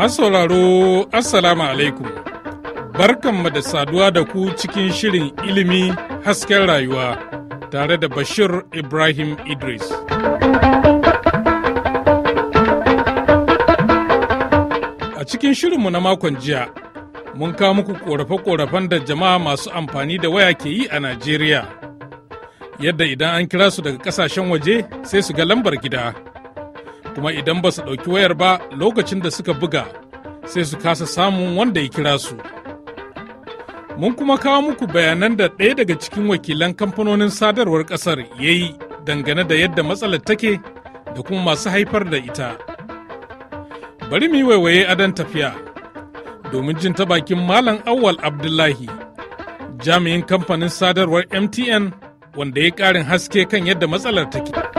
Masu sauraro Assalamu alaikum. Barkanmu da saduwa da ku cikin shirin ilimi hasken rayuwa tare da Bashir Ibrahim Idris. A cikin shirinmu na makon jiya, mun kawo muku korafe-korafen da jama'a masu amfani da waya ke yi a Najeriya. Yadda idan an kira su daga kasashen waje sai su ga lambar gida. kuma idan ba su ɗauki wayar ba lokacin da suka buga sai su kasa samun wanda ya kira su. Mun kuma kawo muku bayanan da ɗaya daga cikin wakilan kamfanonin sadarwar ƙasar ya yi dangane da yadda matsalar take da kuma masu haifar da ita. Bari mu yi waiwaye adon tafiya domin jin ta bakin Malam Awwal Abdullahi, jami'in kamfanin sadarwar MTN wanda ya ƙarin haske kan yadda matsalar take.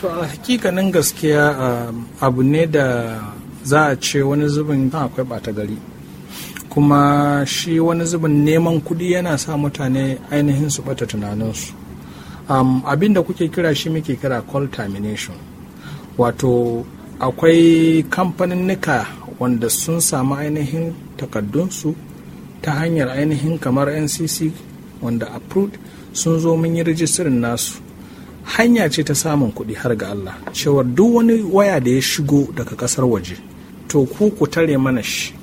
To a hakikanin gaskiya um, abu ne da za a ce wani zubin akwai ɓata gari. Kuma shi wani zubin neman kuɗi yana sa mutane ainihin su bata tunaninsu. Um, abin da kuke kira shi muke kira call termination. Wato akwai kamfanin Nika wanda sun samu ainihin takaddunsu ta hanyar ainihin kamar ncc wanda approved sun zo mun yi rijistirin nasu hanya ce ta samun kuɗi har ga Allah cewa duk wani waya da ya shigo daga ƙasar waje to ku ku tare mana shi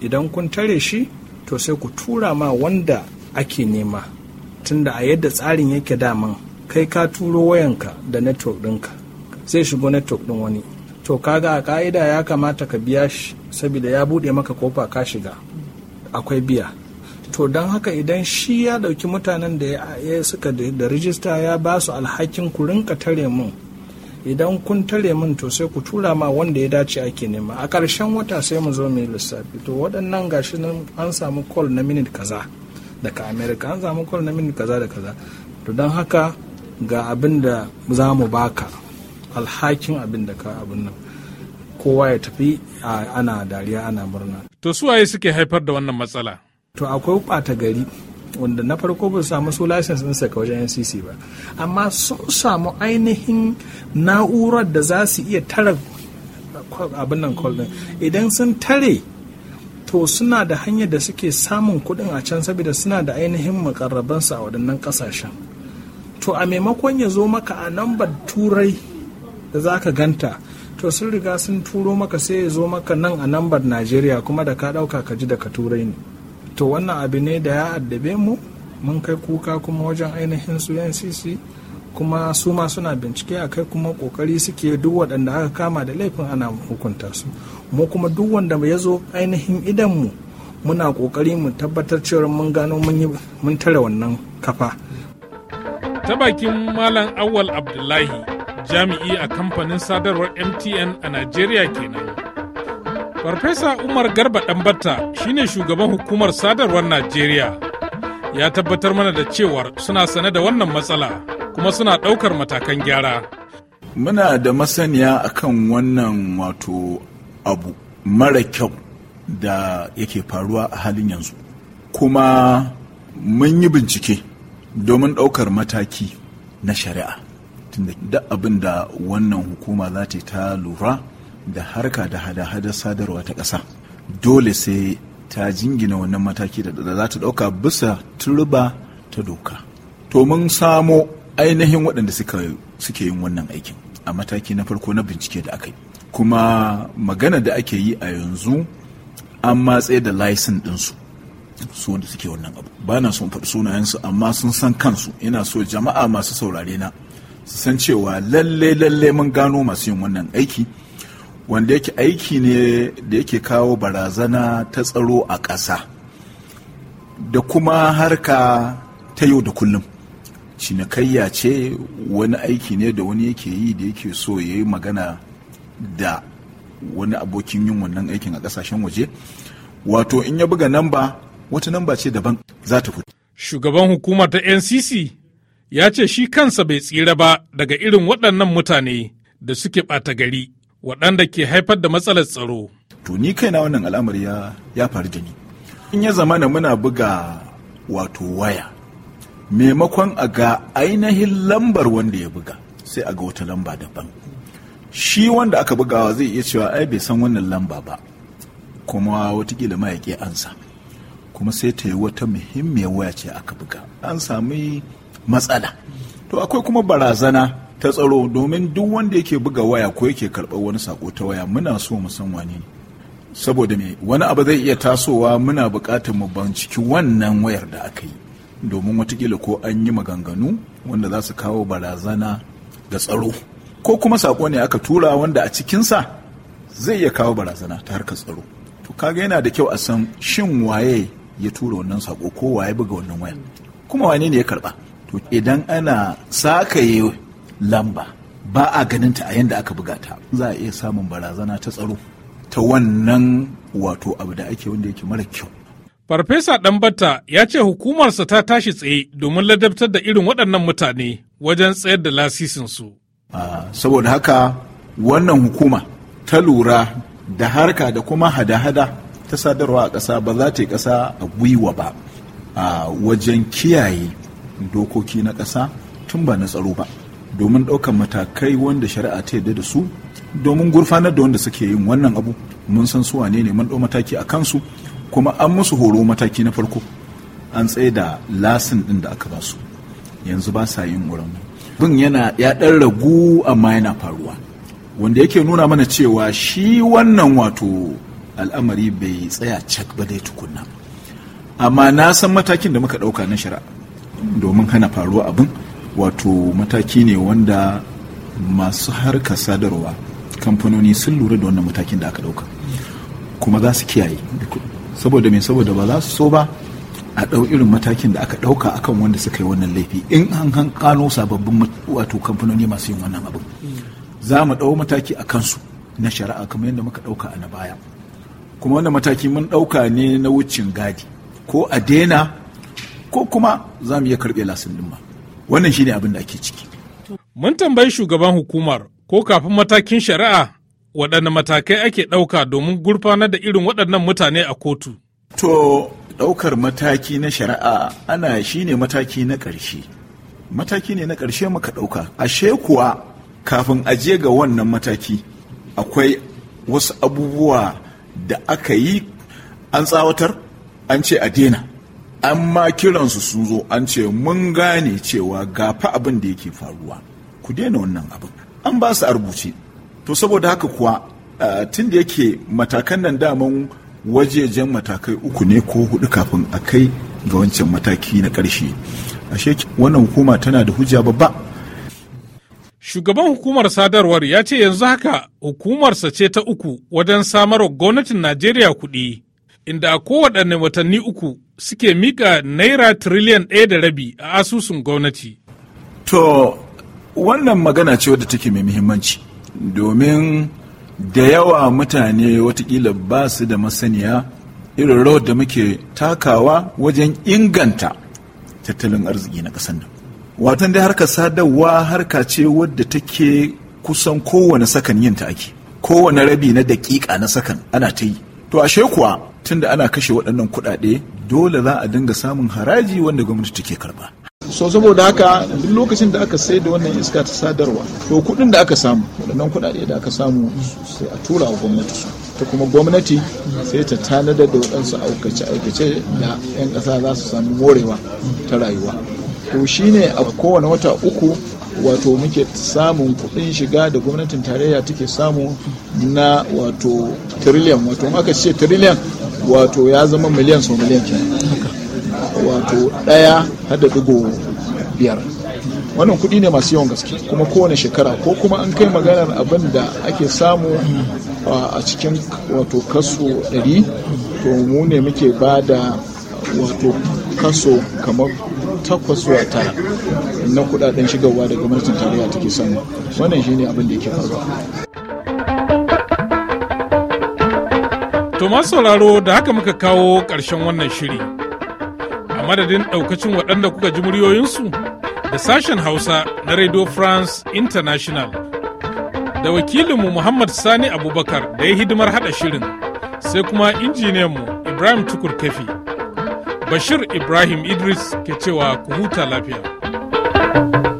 idan kun tare shi to sai ku tura ma wanda ake nema tunda a yadda tsarin yake daman kai ka turo wayanka da network ɗinka zai shigo network ɗin wani to kaga a ka'ida ya kamata ka biya shi saboda ya buɗe maka kofa ka shiga akwai biya to don haka idan shi ya ɗauki mutanen da ya suka da rijista ya ba su alhakin ku rinka tare mun idan kun tare mun to sai ku tura ma wanda ya dace ake nema a ƙarshen wata sai mu zo mai lissafi to waɗannan gashi nan an samu call na minit kaza daga america an samu call na minit kaza da kaza to don haka ga abin da za mu baka alhakin abin da ka abin nan kowa ya tafi ana dariya ana murna to suwaye suke haifar da wannan matsala to akwai bata gari wanda na farko ba samu su license ɗinsa ka wajen ncc ba amma sun samu ainihin na'urar da za su iya tara abin nan idan sun tare to suna da hanyar da suke samun kuɗin a can saboda suna da ainihin makarrabansu a waɗannan ƙasashen to a maimakon ya zo maka a nambar turai da za ka ganta to sun riga sun turo maka sai ya zo maka nan a nambar najeriya kuma da ka ɗauka ka ji daga turai ne to wannan abu ne da ya addabe mu mun kai kuka kuma wajen ainihin su ncc kuma su ma suna bincike a kai kuma kokari suke duk waɗanda aka kama da laifin ana hukunta su mu kuma duk wanda ya zo ainihin idan mu muna kokari mu tabbatar cewa mun gano mun tare wannan kafa ta bakin malam awal abdullahi jami'i a kamfanin sadarwar mtn a najeriya kenan Farfesa Umar Garba shi shine shugaban hukumar sadarwar Najeriya. Ya tabbatar mana da cewar suna sane da wannan matsala kuma suna ɗaukar matakan gyara. Muna da masaniya akan wannan wato abu mara kyau da yake faruwa a halin yanzu. Kuma mun yi bincike domin ɗaukar mataki na shari'a. Tunda da abin da wannan hukuma za ta lura da harka da hada hada sadarwa ta ƙasa dole sai ta jingina wannan mataki da za ta ɗauka bisa turba ta doka to mun samo ainihin waɗanda suke yin wannan aikin a mataki na farko na bincike da aka yi kuma magana da ake yi a yanzu an matse da laisin ɗinsu su wanda suke wannan abu ba na son faɗi sunayensu amma sun san kansu ina so jama'a masu saurare na su san cewa lalle lalle mun gano masu yin wannan aiki wanda yake aiki ne da yake kawo barazana ta tsaro a ƙasa da kuma harka ta yau da kullum cinikayya ce wani aiki ne da wani yake yi da yake so ya yi magana da wani abokin yin wannan aikin a ƙasashen waje wato in ya buga namba wata namba ce daban za ta fito shugaban hukumar ta ncc ya ce shi kansa bai tsira ba daga irin waɗannan mutane da suke ɓata gari waɗanda ke haifar da matsalar tsaro. To ni kaina wannan al'amari ya faru da ni. In ya zama na muna buga wato waya maimakon a ga ainihin lambar wanda ya buga sai a ga wata lamba daban. Shi wanda aka bugawa zai iya cewa ai bai san wannan lamba ba kuma watakila ma ya ansa kuma sai ta yi wata muhimmiyar waya ce aka buga an sami matsala to akwai kuma barazana ta tsaro domin duk wanda yake buga waya ko yake karɓar wani sako ta waya muna so mu san wani ne saboda me wani abu zai iya tasowa muna buƙatar mu ciki wannan wayar da aka yi domin watakila ko an yi maganganu wanda za su kawo barazana ga tsaro ko kuma sako ne aka tura wanda a cikinsa zai iya kawo barazana ta harkar tsaro to kaga yana da kyau a san shin waye ya tura wannan sako ko waye buga wannan waya kuma wane ne ya karɓa? to idan ana sakaye lamba ba a ganin a yadda aka buga ta za a iya samun barazana ta tsaro ta wannan wato abu da ake wanda yake mara kyau Farfesa Ɗanbata ya ce hukumarsa ta tashi tsaye domin ladabtar da irin waɗannan mutane wajen tsayar da lasisinsu. Saboda haka wannan hukuma ta lura da harka da kuma hada-hada ta sadarwa a ƙasa ba za ta yi ƙasa a gwiwa ba a wajen kiyaye dokoki na ƙasa tun ba na tsaro ba. domin ɗaukar matakai wanda shari'a ta yarda da su domin gurfanar da wanda suke yin wannan abu mun san su wane ne mun ɗau mataki a kansu kuma an musu horo mataki na farko an tsaye da lasin ɗin da aka ba su yanzu ba sa yin wurin bin yana ya ɗan ragu amma yana faruwa wanda yake nuna mana cewa shi wannan wato al'amari bai tsaya cak ba dai tukunna amma na san matakin da muka ɗauka na shari'a domin hana faruwa abin wato mataki ne wanda masu harkar sadarwa kamfanoni sun lura da wannan matakin da aka ɗauka kuma za su kiyaye saboda me saboda ba za su so ba a ɗau irin matakin da aka ɗauka akan wanda suka yi wannan laifi in an hankalo sababbin wato kamfanoni masu yin wannan abin za mu ɗau mataki a kansu na shari'a kamar yadda muka ɗauka a na baya kuma wannan mataki mun ɗauka ne na wucin gadi ko a daina ko kuma za mu iya karɓe lasin ɗin wannan shine abin da ake ciki mun tambayi shugaban hukumar ko kafin matakin shari'a waɗanne matakai ake ɗauka domin gurfanar da irin waɗannan mutane a kotu to ɗaukar mataki na shari'a ana ne mataki na ƙarshe mataki ne na ƙarshe muka ɗauka ashe kuwa kafin ajiye ga wannan mataki akwai wasu abubuwa da aka yi an tsawatar an ce a daina an ma kiransu sun zo an ce mun gane cewa gafa abin da yake faruwa ku daina wannan abin an ba su a rubuce to saboda haka kuwa tun da yake matakan nan daman wajejen matakai uku ne ko hudu kafin a kai ga wancan mataki na ƙarshe ashe wannan hukuma tana da hujja babba shugaban hukumar sadarwar ya ce yanzu haka hukumarsa ce ta uku wajen samarwa gwamnatin najeriya kuɗi inda kowaɗanne watanni uku suke mika naira tiriliyan ɗaya da rabi a asusun gwamnati. To, wannan magana ce wadda take mai muhimmanci domin da yawa mutane watakila ba su da masaniya irin rawar da muke takawa wajen inganta tattalin arziki na ƙasar nan. Watan dai harkar sadarwa harka ce wadda take kusan kowane sakan yinta ake, kowane rabi na daƙiƙa na sakan ana ta yi. To ashe kuwa da ana kashe waɗannan kuɗaɗe dole za a dinga samun haraji wanda gwamnati take karba so saboda haka duk lokacin da aka sai da wannan iska ta sadarwa to kuɗin da aka samu waɗannan kuɗaɗe da aka samu sai a tura wa gwamnati ta kuma gwamnati sai ta tanadar da waɗansu aikace-aikace da 'yan ƙasa za su samu morewa ta rayuwa to shine a kowane wata uku wato muke samun kuɗin shiga da gwamnatin tarayya take samu na wato tiriliyan wato aka ce tiriliyan wato ya zama miliyan sau miliyan kenan wato ɗaya hada digo biyar wannan kuɗi ne masu yawan gaske kuma kowane shekara ko kuma an kai maganar abin da ake samu a cikin wato kaso 100 to mu ne muke ba da wato kaso kamar takwas zuwa tara na kudaden shigarwa da gwamnatin tarayya take samu wannan shine abin da yake faruwa To masu sauraro da haka muka kawo ƙarshen wannan shiri. A madadin ɗaukacin waɗanda kuka ji muryoyinsu da sashen Hausa na Radio France International. Da wakilinmu Muhammad Sani Abubakar da ya hidimar haɗa shirin, sai kuma injiniyanmu Ibrahim Tukur Kafi. Bashir Ibrahim Idris ke cewa ku huta lafiya. thank you